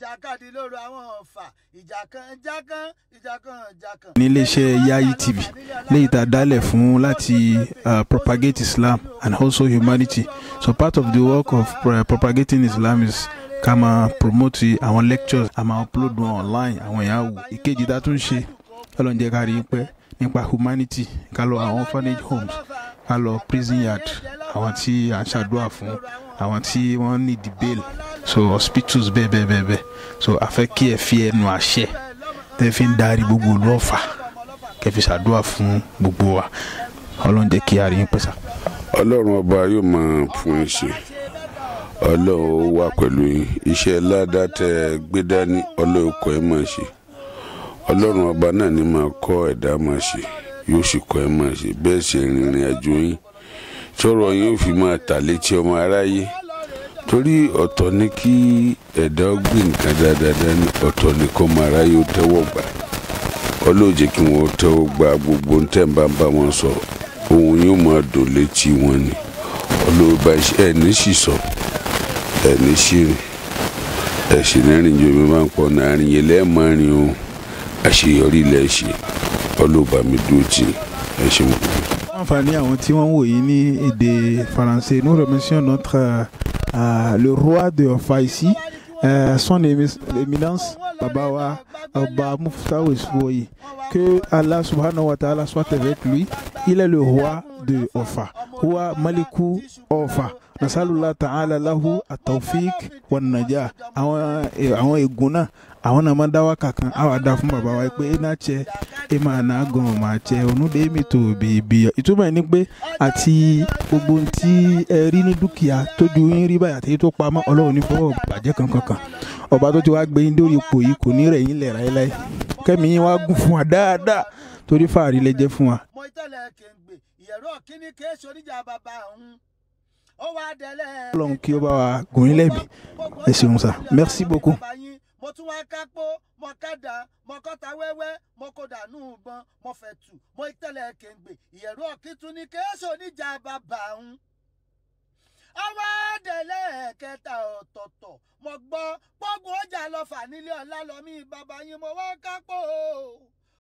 ìjàkadì lóru àwọn ọ̀fà ìjàkan-jákan ìjàkan-jákan. níléeṣẹ́ Yayi TV léyìí tá a dálẹ̀ fún láti propagate Islam and also humanity so part of the work of uh, propagating Islam is ká máa promote àwọn lectures a máa upload wọn online àwọn èèyàn wò ìkejì tá a tún ṣe ọlọ́run jẹ́ ká rí i pẹ́ nípa humanity ká lọ àwọn orphanage homes ká lọ prison yard àwọn tí à ń ṣàdúrà fún àwọn tí wọ́n need bail so hospitals bẹ́ẹ̀ bẹ́ẹ̀ bẹ́ẹ̀ bẹ́ẹ̀ so afẹ́ kí ẹ fi ẹnu àṣẹ tẹ́ fi ń darí gbogbo lọ́ọ̀fà kẹfì ṣàdúrà fún gbogbo wa ọlọ́run jẹ́ kí a rí yín pẹ́sà. ọba yóò máa fún yín ṣe ọlọ́run wà pẹ̀lú yín iṣẹ́ ládàá tẹ́ gbé dání ọlọ́run kọ́ ẹ máa ṣe ọlọ́run ọba náà ni máa kọ́ ẹ̀dá máa ṣe yóò sì kọ́ ẹ máa ṣe bẹ́ẹ̀ ṣe rìnrìn àjò yín tọrọ yín ó fi máa tà létí ọmọ aráyé torí ọ̀tọ̀ ni kí ẹ̀dá ọgbìn nǹkan dáadáa ní ọ̀tọ̀ ni kó máa ráyè ó tẹ́wọ́ gbà ọlọ́ọ̀jẹ́ kí wọ́n tẹ́wọ́ gba gbogbo ń tẹ̀ ń bá ń bá wọn sọ òun yóò máa dò létí wọn ni ọlọ́ọ̀bá ẹni sì sọ ẹni sì rìn ẹ̀sìn rìnrìn jòmí máa ń pọ̀ náà rìn yẹn lẹ́ẹ̀mọ́rin o àṣeyọrí ilẹ̀ ṣe ọlọ́ọ̀bá mi dúró tì ẹ ṣe mọ́. àǹfààní àwọn tí wọ́n wò yìí ní èdè faransé nous remercions notre. Euh, le roi de Ofa ici, euh, son éminence Babawa Abba euh, Esfoui. Que Allah subhanahu wa ta'ala soit avec lui. Il est le roi de Ofa. Roi Maliku Ofa. nasalula ta'ala lahu atawfik wanaja àwọn àwọn egun náà àwọn náà máa dá wákà kan àwọn àdá fún bàbá wa pé iná cẹ ẹ máa ná gan ọmọ àcẹ onídé mi tó bèbè ìtumọ̀ ẹ̀ ni pé àti gbogbo ohun tí ẹ rí ní dúkìá tójú yín rí báyìí àti tó pamọ́ ọlọ́run ní fọwọ́ bàjẹ́ kankan kan ọba tó ti wá gbé yín dórí ipò yìí kò ní rẹ̀ yín lẹ̀ láéláé kẹ́mi yín wá gùn fún wa dáadáa torí fàárí lè jẹ́ fún wa. mo ìtẹ̀lẹ̀ kèǹgbè ìyẹ̀rọ kíní kéésì oníjà bàbá òun ọlọ́run kí ó bá wa gùn yín lẹ́bi ẹ ṣeun sá merci beaucoup mo tún wá kápó mo kádà mo kọta wẹ́wẹ́ mo kó dànù ìbọn mo fẹ̀ tù mo tẹ̀lẹ̀ kéńgbè ìyẹ̀rú ọ̀kìtún ní kéésù oníjà bàbà ń. ọwọ́ àdẹ̀lẹ̀ kẹta ọ̀tọ̀ọ̀tọ̀ mo gbọ́ gbogbo ọjà lọ́fà nílé ọ̀la lọ́mí bàbá yín mo wá kápó